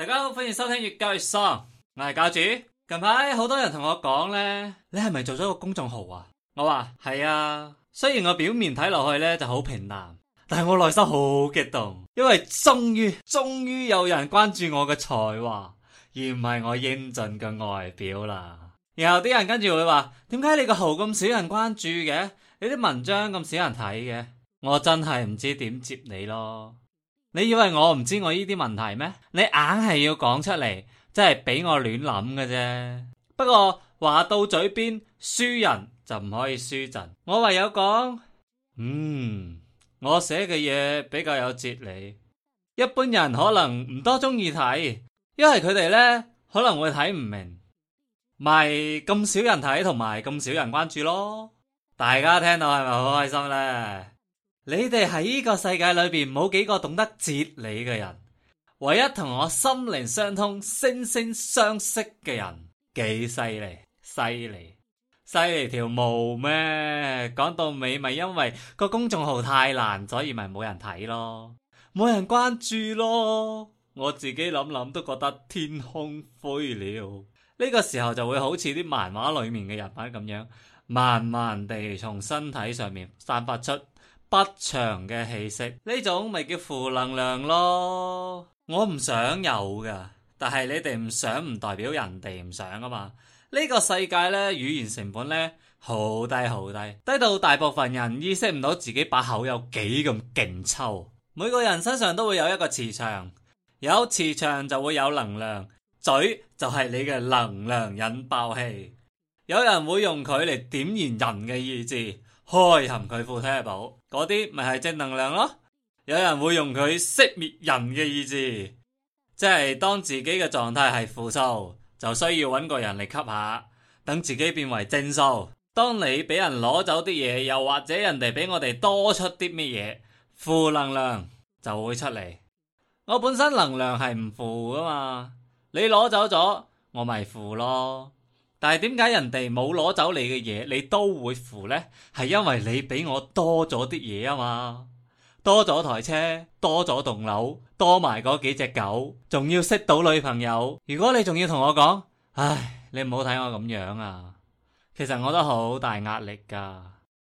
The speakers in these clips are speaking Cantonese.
大家好，歡迎收聽粵教粵喪，我係教主。近排好多人同我講呢，你係咪做咗個公眾號啊？我話係啊，雖然我表面睇落去呢就好平淡，但係我內心好激動，因為終於終於有人關注我嘅才華，而唔係我英俊嘅外表啦。然後啲人跟住會話，點解你個號咁少人關注嘅？你啲文章咁少人睇嘅？我真係唔知點接你咯。你以為我唔知我呢啲問題咩？你硬係要講出嚟，即係俾我亂諗嘅啫。不過話到嘴邊，輸人就唔可以輸陣。我唯有講，嗯，我寫嘅嘢比較有哲理，一般人可能唔多中意睇，因為佢哋呢可能會睇唔明，咪咁少人睇同埋咁少人關注咯。大家聽到係咪好開心呢？」你哋喺呢個世界裏邊冇幾個懂得哲理嘅人，唯一同我心靈相通、惺惺相惜嘅人，幾犀利，犀利，犀利條毛咩？講到尾咪因為個公眾號太爛，所以咪冇人睇咯，冇人關注咯。我自己諗諗都覺得天空灰了。呢、這個時候就會好似啲漫畫裏面嘅人物咁樣，慢慢地從身體上面散發出。不祥嘅氣息，呢種咪叫負能量咯。我唔想有噶，但係你哋唔想唔代表人哋唔想啊嘛。呢個世界呢，語言成本呢，好低好低，低到大部分人意識唔到自己把口有幾咁勁抽。每個人身上都會有一個磁場，有磁場就會有能量，嘴就係你嘅能量引爆器。有人會用佢嚟點燃人嘅意志。開含佢負體嘅寶，嗰啲咪係正能量咯。有人會用佢熄滅人嘅意志，即係當自己嘅狀態係負數，就需要揾個人嚟吸下，等自己變為正數。當你俾人攞走啲嘢，又或者人哋俾我哋多出啲乜嘢，負能量就會出嚟。我本身能量係唔負噶嘛，你攞走咗，我咪負咯。但係點解人哋冇攞走你嘅嘢，你都會負呢？係因為你比我多咗啲嘢啊嘛，多咗台車，多咗棟樓，多埋嗰幾隻狗，仲要識到女朋友。如果你仲要同我講，唉，你唔好睇我咁樣啊，其實我都好大壓力噶，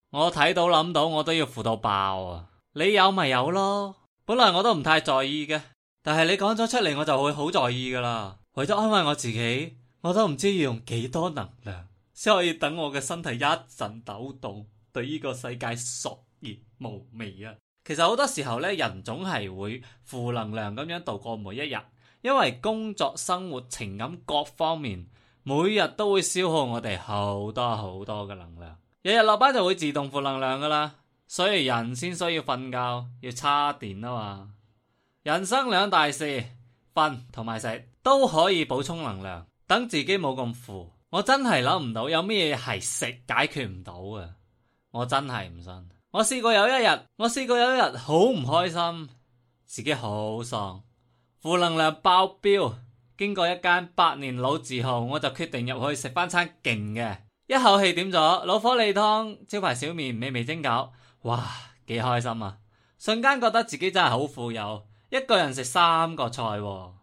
我睇到諗到我都要負到爆啊。你有咪有咯？本來我都唔太在意嘅，但係你講咗出嚟，我就會好在意噶啦。為咗安慰我自己。我都唔知要用幾多能量，先可以等我嘅身體一陣抖動，對呢個世界索然無味啊！其實好多時候咧，人總係會負能量咁樣度過每一日，因為工作、生活、情感各方面，每日都會消耗我哋好多好多嘅能量。日日落班就會自動負能量噶啦，所以人先需要瞓覺，要插電吖嘛。人生兩大事，瞓同埋食都可以補充能量。等自己冇咁負，我真係諗唔到有咩嘢係食解決唔到嘅，我真係唔信。我試過有一日，我試過有一日好唔開心，自己好喪，負能量爆表。經過一間百年老字號，我就決定入去食翻餐勁嘅，一口氣點咗老火靚湯、招牌小麵、美味蒸餃，哇，幾開心啊！瞬間覺得自己真係好富有，一個人食三個菜啊。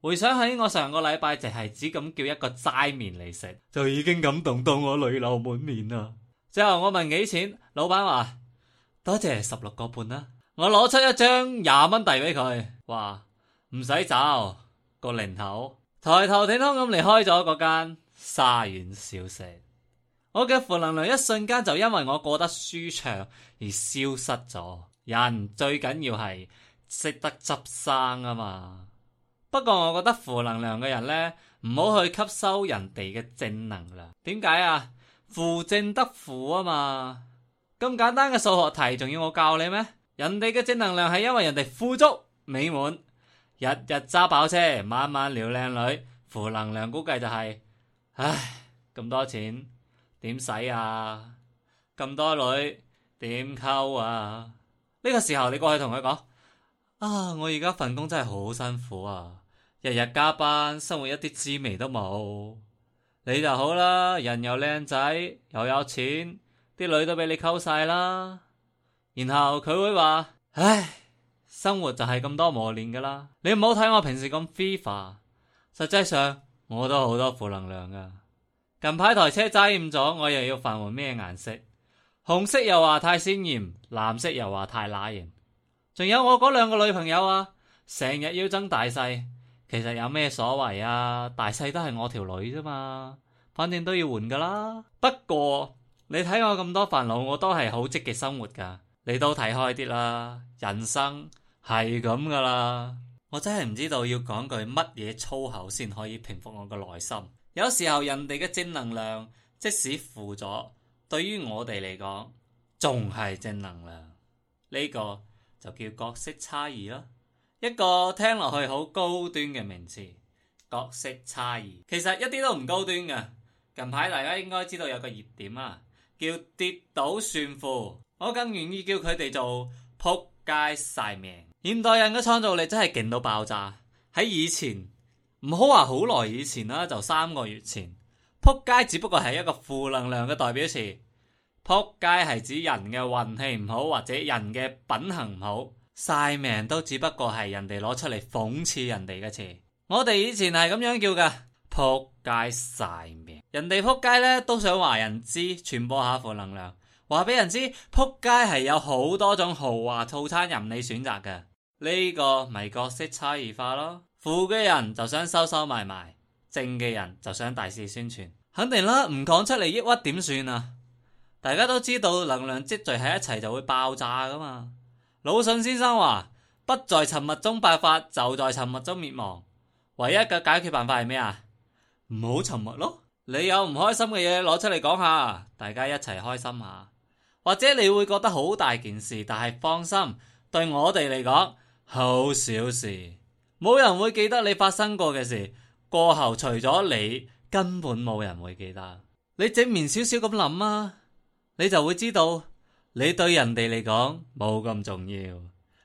回想起我上個禮拜淨係只咁叫一個齋麵嚟食，就已經感動到我淚流滿面啦。最後我問幾錢，老闆話多謝十六個半啦。我攞出一張廿蚊遞俾佢，話唔使找個零頭，抬頭挺胸咁離開咗嗰間沙縣小食。我嘅負能量一瞬間就因為我過得舒暢而消失咗。人最緊要係識得執生啊嘛～不過我覺得負能量嘅人呢，唔好去吸收人哋嘅正能量。點解啊？負正得負啊嘛，咁簡單嘅數學題仲要我教你咩？人哋嘅正能量係因為人哋富足美滿，日日揸跑車，晚晚撩靚女。負能量估計就係，唉，咁多錢點使啊？咁多女點溝啊？呢個時候你過去同佢講。啊！我而家份工真係好辛苦啊，日日加班，生活一啲滋味都冇。你就好啦，人又靚仔，又有錢，啲女都俾你溝晒啦。然後佢會話，唉，生活就係咁多磨練噶啦。你唔好睇我平時咁 free 化，實際上我都好多負能量噶。近排台車揸厭咗，我又要煩換咩顏色？紅色又話太鮮艷，藍色又話太乸型。仲有我嗰兩個女朋友啊，成日要爭大細，其實有咩所謂啊？大細都係我條女啫嘛，反正都要換噶啦。不過你睇我咁多煩惱，我都係好積極生活噶。你都睇開啲啦，人生係咁噶啦。我真係唔知道要講句乜嘢粗口先可以平復我個內心。有時候人哋嘅正能量，即使負咗，對於我哋嚟講仲係正能量呢、這個，就叫角色差異咯，啊，一個聽落去好高端嘅名詞，角色差異，其實一啲都唔高端嘅。近排大家應該知道有個熱點啊，叫跌倒炫富，我更願意叫佢哋做撲街晒命。現代人嘅創造力真係勁到爆炸。喺以前，唔好話好耐以前啦，就三個月前，撲街只不過係一個負能量嘅代表詞。撲街係指人嘅運氣唔好或者人嘅品行唔好，晒命都只不過係人哋攞出嚟諷刺人哋嘅詞。我哋以前係咁樣叫嘅，撲街晒命。人哋撲街咧都想話人知，傳播下負能量，話俾人知撲街係有好多種豪華套餐任你選擇嘅。呢個咪角色差異化咯。負嘅人就想收收埋埋，正嘅人就想大肆宣傳，肯定啦，唔講出嚟，抑鬱點算啊？大家都知道能量積聚喺一齊就會爆炸噶嘛？魯迅先生話：不在沉默中爆發，就在沉默中滅亡。唯一嘅解決辦法係咩啊？唔好沉默咯。你有唔開心嘅嘢攞出嚟講下，大家一齊開心下。或者你會覺得好大件事，但係放心，對我哋嚟講好小事。冇人會記得你發生過嘅事，過後除咗你根本冇人會記得。你正面少少咁諗啊！你就會知道，你對人哋嚟講冇咁重要，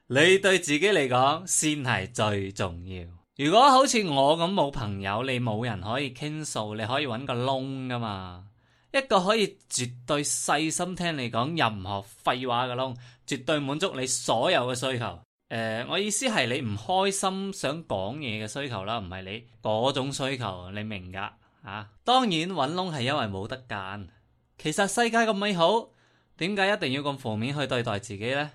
你對自己嚟講先係最重要。如果好似我咁冇朋友，你冇人可以傾訴，你可以搵個窿㗎嘛？一個可以絕對細心聽你講任何廢話嘅窿，絕對滿足你所有嘅需求。誒、呃，我意思係你唔開心想講嘢嘅需求啦，唔係你嗰種需求，你明㗎？啊，當然搵窿係因為冇得揀。其實世界咁美好，點解一定要咁負面去對待自己呢？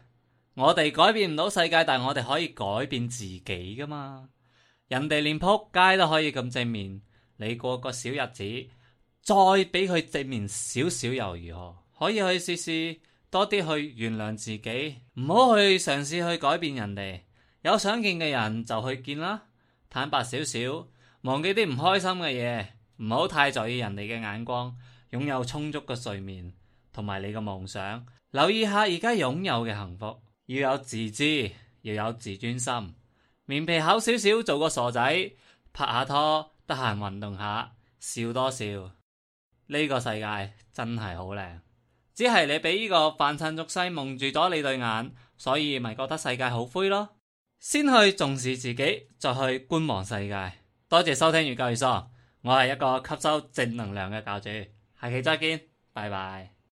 我哋改變唔到世界，但係我哋可以改變自己噶嘛。人哋連撲街都可以咁正面，你過個小日子再俾佢正面少少又如何？可以去試試多啲去原諒自己，唔好去嘗試去改變人哋。有想見嘅人就去見啦，坦白少少，忘記啲唔開心嘅嘢，唔好太在意人哋嘅眼光。擁有充足嘅睡眠，同埋你嘅夢想。留意下而家擁有嘅幸福，要有自知，要有自尊心。面皮厚少少，做個傻仔，拍下拖，得閒運動下，笑多笑。呢個世界真係好靚，只係你俾呢個凡塵俗世蒙住咗你對眼，所以咪覺得世界好灰咯。先去重視自己，再去觀望世界。多謝收聽《粵教粵喪》，我係一個吸收正能量嘅教主。下期再見，拜拜。